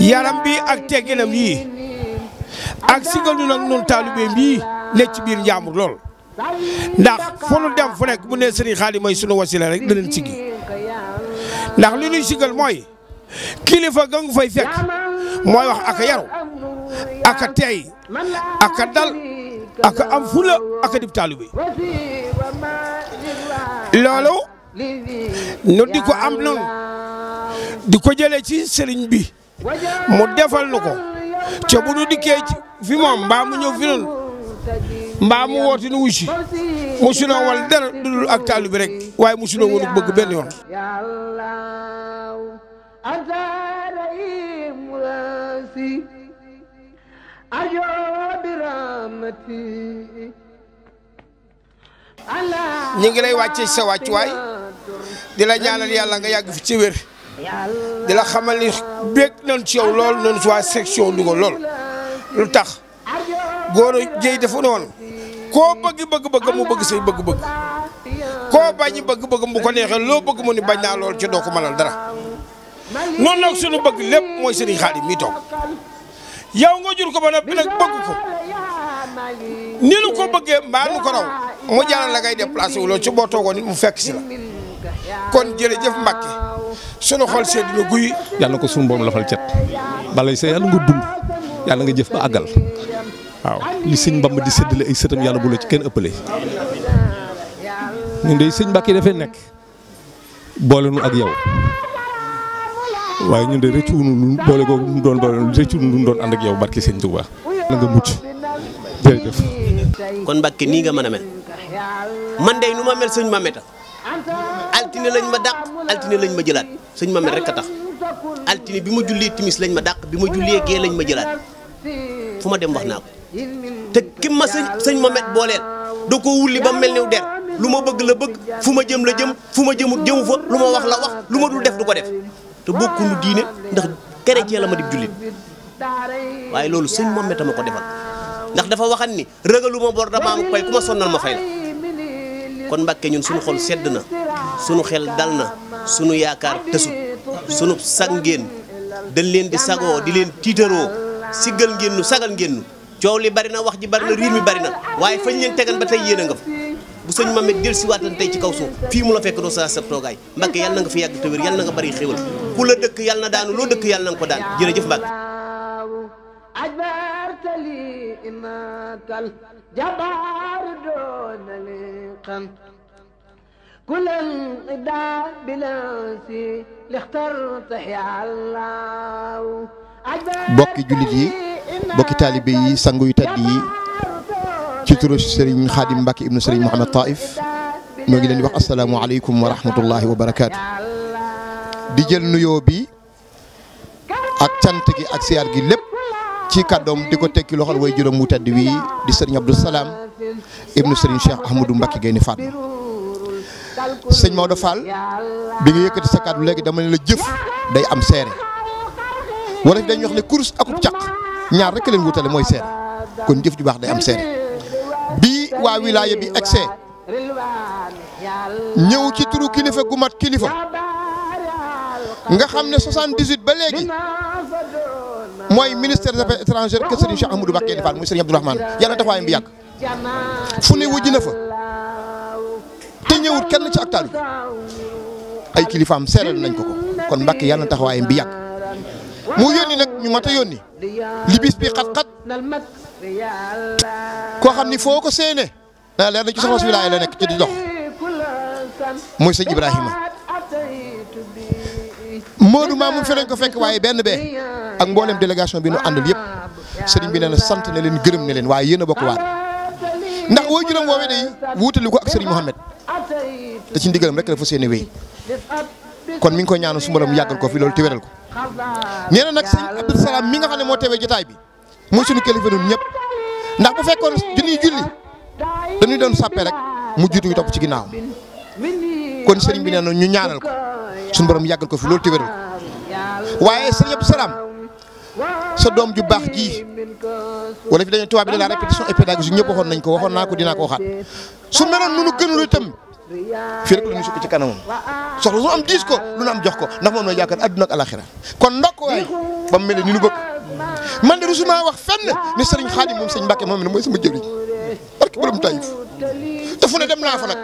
yaram bi ak tegginam yii ak sigal nu nag nun taalibeem yii ne ci biir njàmbur lool ndax fu dem fu nekk bu ne sëriñ Xaadim mooy sunu wasila rek ndax li ñuy mooy kilifa ga fay fekk mooy wax aka yaru aka teey aka dal aka am fula aka dib taalibe loolu nu di ko am noonu di ko jëlee ci sëriñ bi mu defal nu ko ca bu nu dikkee fi moom mbaa mu ñëw fi noonu mbaa mu woote nu wuy si mosunoo wal dara dudul ak taalu bi rek waaye mosunoo wonu bëgg benn yoon. ñu ngi lay wàccee sa wàccuwaay di la ñaanal yàlla nga yàgg fi ci wér. di xamal ni bég nañ ci lool nañ ci waa section lool lu tax góor a jéy dafa noonu koo bëgg bëgg-bëgg mu bëgg say bëgg-bëgg koo bañ bëgg-bëgg bu ko neexee loo bëgg mu ni bañ naa lool ci doo ko mënal dara noonu nag suñu bëgg lépp mooy Serigne Khadim mi toog yow nga jur ko ba noppi nag bëgg ko ni lu ko bëggee mbaa nu ko raw mu jaral la ngay déplacé wu loolu ci boo toogoon nit mu fekk si la kon jërëjëf Mbacke sunu xol sedd na guy. yàlla ko sunu borom lafal cet balay sa yàlla nga dund yàlla nga jëf ba àggal waaw li sëñ Mbamba di séddale ay sëtam yàlla bu la ci kenn ëppale. ñun de sëñ Mbàkke dafay nekk boole nu ak yow waaye ñun de rëccu nu lu mu doon boole rëccu doon ànd ak yow barki sëñ Tuubaa la nga mucc jërëjëf. kon Mbàkke nii nga mën a mel man de nu ma mel sëñ Mameta altine lañ ma dàq altine lañ ma jëlaat sëñ Mamel rek a tax bi ma jullee timis lañ ma dàq bi ma jullee gee lañ ma jëlaat fu ma dem wax naa te kim ma sëñ sëñ Mamel booleel da koo wulli ba mel niw der lu ma bëgg la bëgg fu ma jëm la jëm fu ma jëmut jëmu fa lu ma wax la wax lu ma dul def du ko def te bokkunu diine ndax chrétien la ma di jullit waaye loolu sëñ Mamel tama ko defal ndax dafa waxan ni rëgalu ma bor dama am koy ku ma sonnal ma fay la kon Mbàkke ñun suñu xol sedd na sunu xel dal na sunu yaakaar tësut sunu sag ngéen dañ leen di sagoo di leen tiitaroo siggal ngeen nu sagal ngeen nu coow li bari na wax ji bari na riir mi bari na waaye fañ leen tegan ba tey yéen a nga fa bu sëñ Mamet del siwaatan tey ci kaw suuf fii mu la fekk doo sa sab toogaay Mbàkke yàlla na nga fi yàgg te wér yàlla na nga bari xéwal ku la dëkk yàlla na daanu loo dëkk yàlla na nga ko daan jërëjëf Mbàkke ajbartali inakal jabaar doona li xam كل انقضاء بلاسي li اخترت يا bokki jullit yi bokki taalibe yi sangu yu tedd yi ci turu Serigne Khadim Mbacke ibnu Serigne Mouhamed Taif ñoo ngi leen di wax asalaamualeykum wa rahmatullahi wa barakaatu. di jël nuyoo bi ak cant gi ak siyaar gi lépp ci kàddoom di ko tekki loxol way juróom wu tedd wi di Serigne Abdou Salam ibnu Serigne Cheikh Ahmadou Mbacke Gaynde Fatma sëñ Maodo Fall bi nga yëkkati sa kàddu léegi dama ne la jëf day am seere wala dañuy wax ne kurus akub caq ñaar rek leen wutale mooy seere kon jëf ju baax day am seere bii waa wilaaya bi egsee ñëw ci turu kilifa gu mat kilifa nga xam ne 78 ba léegi mooy ministère des affaires étrangères que Serigne Cheikh Ahmadou Mbacké Fall muy Serigne Abdourahmane yàlla taxawaayam bi yàgg fu ne wujj na fa. ñëwut kenn ci ak taalibe ay kilifaam seeral nañ ko ko kon Mbàkke yàlla na taxawaayam bi yàgg mu yónni nag ñu mat a yónni li bi xat-xat koo xam ni foo ko séenee daa ah, leer na ci soxos wilaay la nekk ci di dox mooy sëñ Ibrahima Modou Mamoun fi lañ ko fekk waaye benn bee ak mboolem délégation bi nu àndal yëpp sëriñ bi nee na sant na leen gërëm na leen waaye yéen a bokk waat ndax waajuram woowee day wuutali ko ak sëriñ Mouhamed. te ci ndigalam rek la fa seen wéy kon mi ngi ko ñaanu su mbalam yàggal ko fi loolu te wéral ko nee na nag sëñ Abdou Salam mi nga xam ne moo tewee jotaay bi muy suñu kilifa ñun ñëpp ndax bu fekkoon dañuy julli dañuy doon sàppe rek mu jiitu ñu topp ci ginnaaw kon sëriñ bi nee na ñu ñaanal ko suñu borom yàggal ko fi loolu te wéral ko waaye sëriñ Abdou Salam sa doom ju baax ji wala fi dañu tubaab bi de la répétition et ñëpp waxoon nañ ko waxoon naa ko dinaa ko waxaat su meloon nu nu gënul fii rek la ñu sukk ci kanamam soxla su am diis ko lu nu am jox ko ndax moom la yaakaar adduna ak alaxira kon ndokk waay ba mu mel ni ñu bëgg man de rusuma wax fenn ni sëriñ Xaadim moom sëñ Mbàkke moom ne mooy sama jëriñ barki borom Taayif te fu ne dem naa fa nag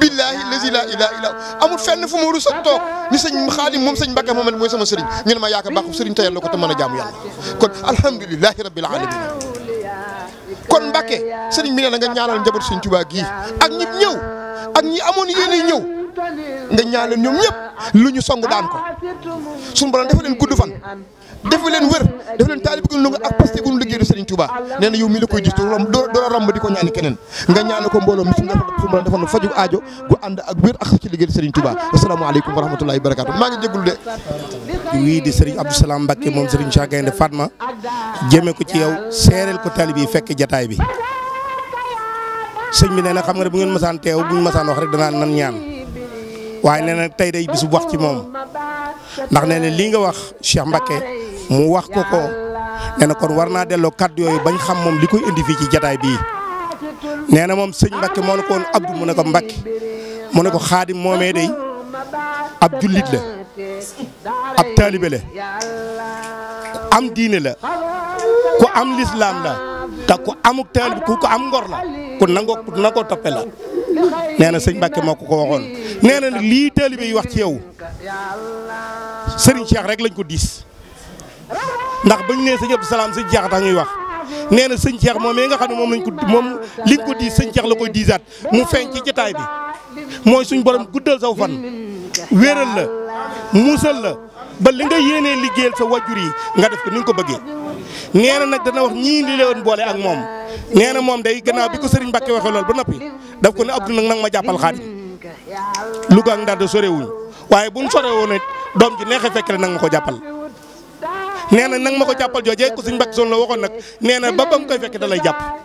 billaahi lazi laa ilaaha illaa amul fenn fu ma rus a toog ni sëñ Xaadim moom sëñ Mbàkke moom ne mooy sama sëriñ ñu ne ma yaakaar baaxu sëriñ tayal la ko te mën a jaamu yàlla kon alhamdulilahi rabbil alamin kon Mbacke sëriñ bi nee na nga ñaanal njaboot Sëriñ Tuubaa gii ak ñi ñëw ak ñi amoon yéene ñëw nga ñaanal ñoom ñëpp lu ñu song daan ko suñu borom dafa leen gudd fan. dafa leen wër dafa leen taalib gën lu nga ak paste gën liggéey du Serigne Touba nee na yow mii la koy gis doo romb di ko ñaani keneen nga ñaani ko mbooloo mi faju aajo gu ànd ak wér ak ci liggéey du Serigne Touba asalaamaaleykum wa rahmatullahi wa barakatu maa ngi jégul de wii di Serigne Abdou salaam Mbacké moom Serigne Cheikh Gaïndé ma jëmee ko ci yow seereel ko taalib yi fekk jataay bi sëñ bi nee na xam nga ne bu ngeen masaan teew bu ñu masaan wax rek danaa nan ñaan waaye nee na tey day bisu wax ci moom ndax nee lii nga wax Cheikh Mbacke mu wax ko ko nee na kon war naa delloo kàddu yooyu bañ xam moom li koy indi ci jataay bii. nee na moom sëñ mbakke moo ne ko woon mu ne ko Mbacke mu ne ko xaadim moomee day ab jullit la ab taalibe la am diine la ku am lislaam la te ku amuk taalibe ku ko am ngor la ku nangoo ku nangoo toppe la. nee na sëñ Mbacke moo ko ko waxoon nee na lii taalibe yi wax ci yow sëriñ Cheikh rek lañ ko diis ndax bañ nee sëñ Abdou Salaam sëñ Cheikh tax wax nee na sëñ Cheikh moom nga xam ne moom lañ ko moom liñ ko diis sëñ Cheikh la koy diisaat mu feeñ ci jotaay bi mooy suñ borom guddal sa fan wéeral la muusal la ba li nga yéenee liggéeyal sa wajur yi nga def ko ni nga ko bëggee nee nag dana wax ñii li leen boole ak moom. nee na moom day gannaaw bi ko Serigne Mbacke waxee loolu ba noppi daf ko ne Abdou nag nag ma jàppal xaadim Louga ak Ndande sorewuñu waaye bu buñ sorewoon it doom ji neexee fekk la nag ma ko jàppal nee na nag ma ko jàppal joojee ko Serigne Mbacke soon la waxoon nag nee na ba ba mu koy fekk dalay jàpp